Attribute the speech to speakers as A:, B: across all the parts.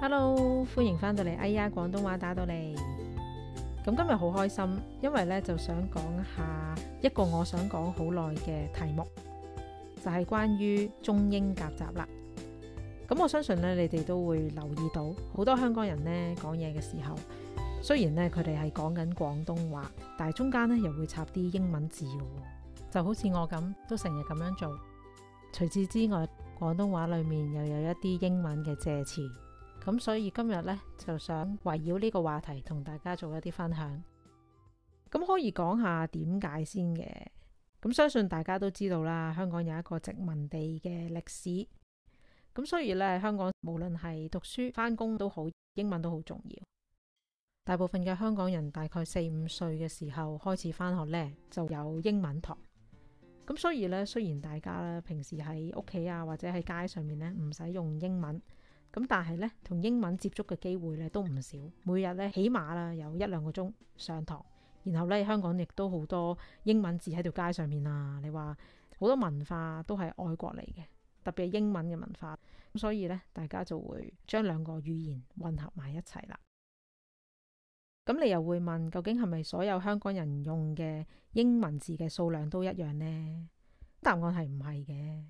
A: Hello，歡迎翻到嚟。哎呀，廣東話打到嚟。咁今日好開心，因為咧就想講下一個我想講好耐嘅題目，就係關於中英夾雜啦。咁我相信咧，你哋都會留意到，好多香港人咧講嘢嘅時候，雖然咧佢哋係講緊廣東話，但係中間咧又會插啲英文字嘅，就好似我咁，都成日咁樣做。除此之外，廣東話裏面又有一啲英文嘅借詞。咁所以今日咧，就想圍繞呢個話題同大家做一啲分享。咁可以講下點解先嘅？咁相信大家都知道啦，香港有一個殖民地嘅歷史。咁所以咧，香港無論係讀書、返工都好，英文都好重要。大部分嘅香港人大概四五歲嘅時候開始返學咧，就有英文堂。咁所以咧，雖然大家啦平時喺屋企啊或者喺街上面咧唔使用英文。咁但係咧，同英文接觸嘅機會咧都唔少。每日咧起碼啦，有一兩個鐘上堂，然後咧香港亦都好多英文字喺條街上面啊。你話好多文化都係外國嚟嘅，特別係英文嘅文化，咁所以咧大家就會將兩個語言混合埋一齊啦。咁 你又會問，究竟係咪所有香港人用嘅英文字嘅數量都一樣呢？答案係唔係嘅。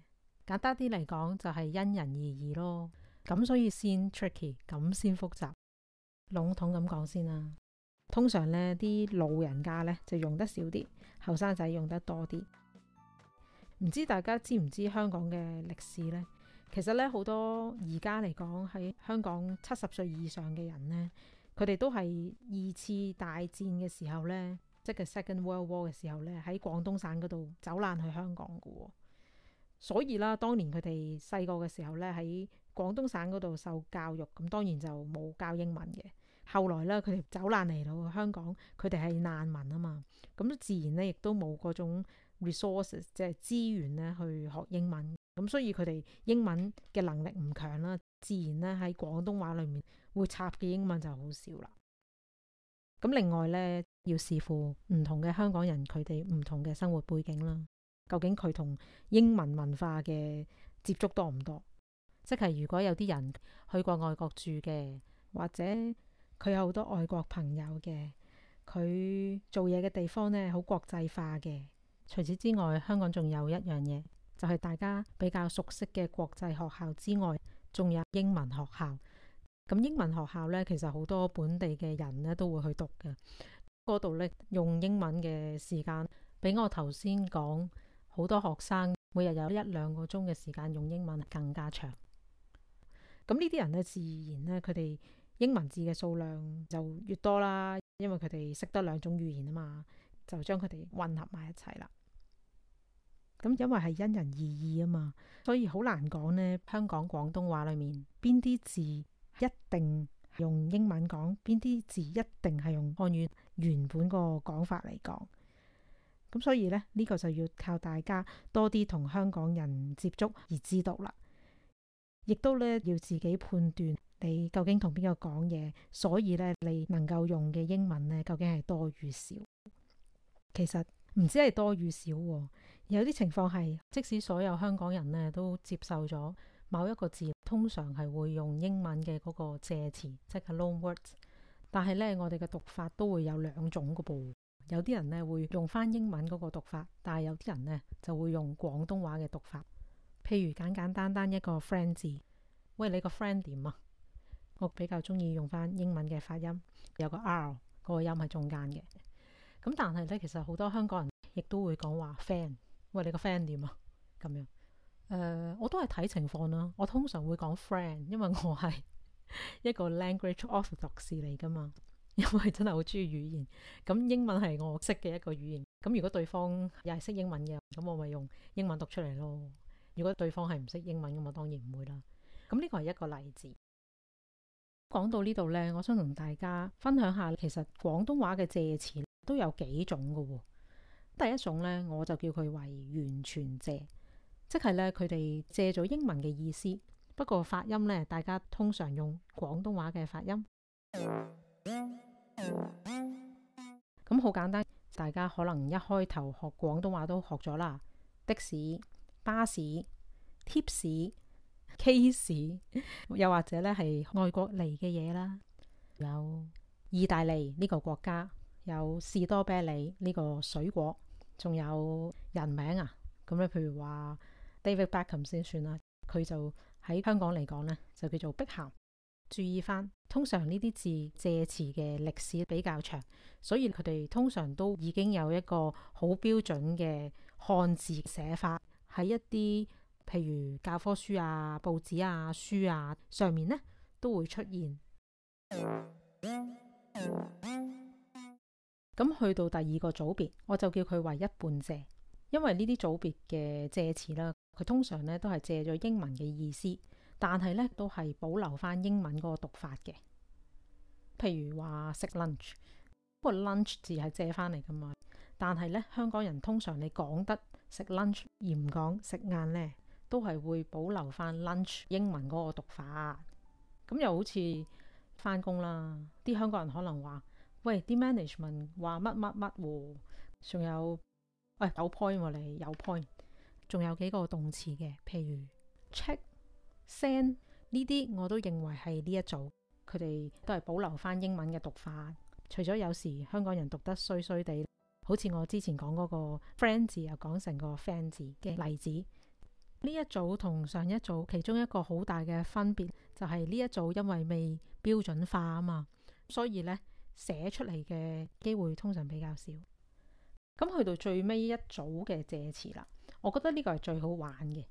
A: 簡單啲嚟講，就係因人而異咯。咁所以先 tricky，咁先複雜。籠統咁講先啦。通常呢啲老人家呢，就用得少啲，後生仔用得多啲。唔知大家知唔知香港嘅歷史呢？其實呢，好多而家嚟講，喺香港七十歲以上嘅人呢，佢哋都係二次大戰嘅時候呢，即係 Second World War 嘅時候呢，喺廣東省嗰度走難去香港嘅喎、哦。所以啦，當年佢哋細個嘅時候呢，喺廣東省嗰度受教育，咁當然就冇教英文嘅。後來咧，佢哋走難嚟到香港，佢哋係難民啊嘛，咁自然咧亦都冇嗰種 resources 即係資源咧去學英文，咁所以佢哋英文嘅能力唔強啦，自然咧喺廣東話裡面會插嘅英文就好少啦。咁另外咧，要視乎唔同嘅香港人佢哋唔同嘅生活背景啦，究竟佢同英文文化嘅接觸多唔多？即係如果有啲人去過外國住嘅，或者佢有好多外國朋友嘅，佢做嘢嘅地方呢好國際化嘅。除此之外，香港仲有一樣嘢，就係大家比較熟悉嘅國際學校之外，仲有英文學校。咁英文學校呢，其實好多本地嘅人呢都會去讀嘅。嗰度呢，用英文嘅時間比我頭先講好多學生每日有一兩個鐘嘅時間用英文更加長。咁呢啲人咧，自然呢佢哋英文字嘅數量就越多啦，因為佢哋識得兩種語言啊嘛，就將佢哋混合埋一齊啦。咁因為係因人而異啊嘛，所以好難講呢，香港廣東話裡面邊啲字一定用英文講，邊啲字一定係用漢語原本個講法嚟講。咁所以呢，呢個就要靠大家多啲同香港人接觸而知道啦。亦都咧要自己判斷你究竟同邊個講嘢，所以咧你能夠用嘅英文咧究竟係多與少？其實唔止係多與少，有啲情況係即使所有香港人咧都接受咗某一個字，通常係會用英文嘅嗰個借詞，即係 loan words，但係咧我哋嘅讀法都會有兩種嘅噃，有啲人咧會用返英文嗰個讀法，但係有啲人咧就會用廣東話嘅讀法。譬如簡簡單單一個 friend 字，喂你個 friend 點啊？我比較中意用翻英文嘅發音，有個 R 個音喺中間嘅。咁但係咧，其實好多香港人亦都會講話 friend，喂你個 friend 點啊？咁樣誒、呃，我都係睇情況啦。我通常會講 friend，因為我係一個 language officer 嚟噶嘛，因為真係好中意語言。咁英文係我識嘅一個語言，咁如果對方又係識英文嘅，咁我咪用英文讀出嚟咯。如果對方係唔識英文咁，我當然唔會啦。咁呢個係一個例子。講到呢度呢，我想同大家分享下，其實廣東話嘅借詞都有幾種㗎喎。第一種呢，我就叫佢為完全借，即係呢，佢哋借咗英文嘅意思，不過發音呢，大家通常用廣東話嘅發音。咁好簡單，大家可能一開頭學廣東話都學咗啦，的士。巴士、tips、case，又或者咧，係外國嚟嘅嘢啦。有意大利呢個國家，有士多啤梨呢個水果，仲有人名啊。咁咧，譬如話 David Beckham 先算啦。佢就喺香港嚟講呢，就叫做碧咸。注意翻，通常呢啲字借詞嘅歷史比較長，所以佢哋通常都已經有一個好標準嘅漢字寫法。喺一啲譬如教科書啊、報紙啊、書啊上面呢，都會出現。咁 去到第二個組別，我就叫佢為一半借，因為呢啲組別嘅借詞啦，佢通常呢都係借咗英文嘅意思，但係呢都係保留翻英文嗰個讀法嘅。譬如話食 lunch，個 lunch 字係借翻嚟噶嘛。但係咧，香港人通常你講得食 lunch，而唔講食晏呢，都係會保留翻 lunch 英文嗰個讀法。咁又好似翻工啦，啲香港人可能話：喂，啲 management 話乜乜乜喎。仲有喂、哎、有 point 喎、啊，你有 point。仲有幾個動詞嘅，譬如 check、send 呢啲，我都認為係呢一組，佢哋都係保留翻英文嘅讀法。除咗有時香港人讀得衰衰地。好似我之前講嗰個 friend 字，又講成個 friend 字嘅例子。呢一組同上一組，其中一個好大嘅分別就係呢一組，因為未標準化啊嘛，所以呢寫出嚟嘅機會通常比較少。咁去到最尾一組嘅借詞啦，我覺得呢個係最好玩嘅，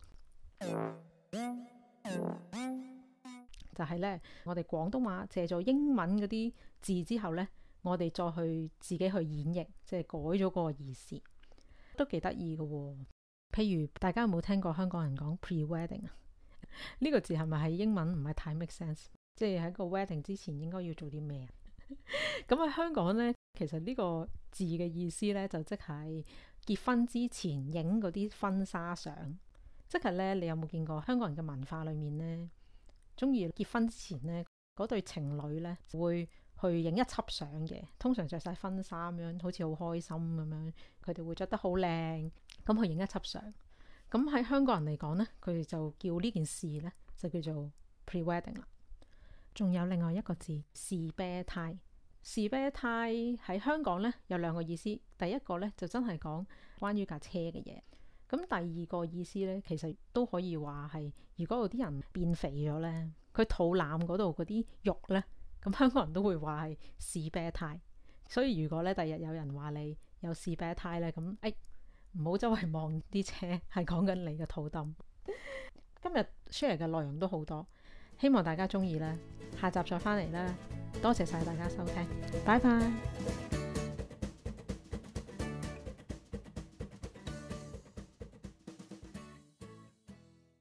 A: 就係呢我哋廣東話借咗英文嗰啲字之後呢。我哋再去自己去演繹，即係改咗個意思，都幾得意㗎。譬如大家有冇聽過香港人講 pre-wedding？呢 個字係咪係英文唔係太 make sense？即係喺個 wedding 之前應該要做啲咩？咁 喺香港呢，其實呢個字嘅意思呢，就即係結婚之前影嗰啲婚紗相。即係呢，你有冇見過香港人嘅文化裏面呢？中意結婚之前呢，嗰對情侶呢會？去影一輯相嘅，通常着晒婚紗咁樣，好似好開心咁樣。佢哋會着得好靚，咁去影一輯相。咁喺香港人嚟講呢，佢哋就叫呢件事呢，就叫做 pre-wedding 啦。仲有另外一個字，士啤呔。士啤呔喺香港呢，有兩個意思。第一個呢，就真係講關於架車嘅嘢。咁第二個意思呢，其實都可以話係，如果有啲人變肥咗呢，佢肚腩嗰度嗰啲肉呢。咁、嗯、香港人都會話係士啤呔，所以如果咧第日有人話你有士啤呔咧，咁誒唔好周圍望啲車，係講緊你嘅肚腩。 今日 share 嘅內容都好多，希望大家中意咧，下集再翻嚟啦，多謝晒大家收聽，拜拜。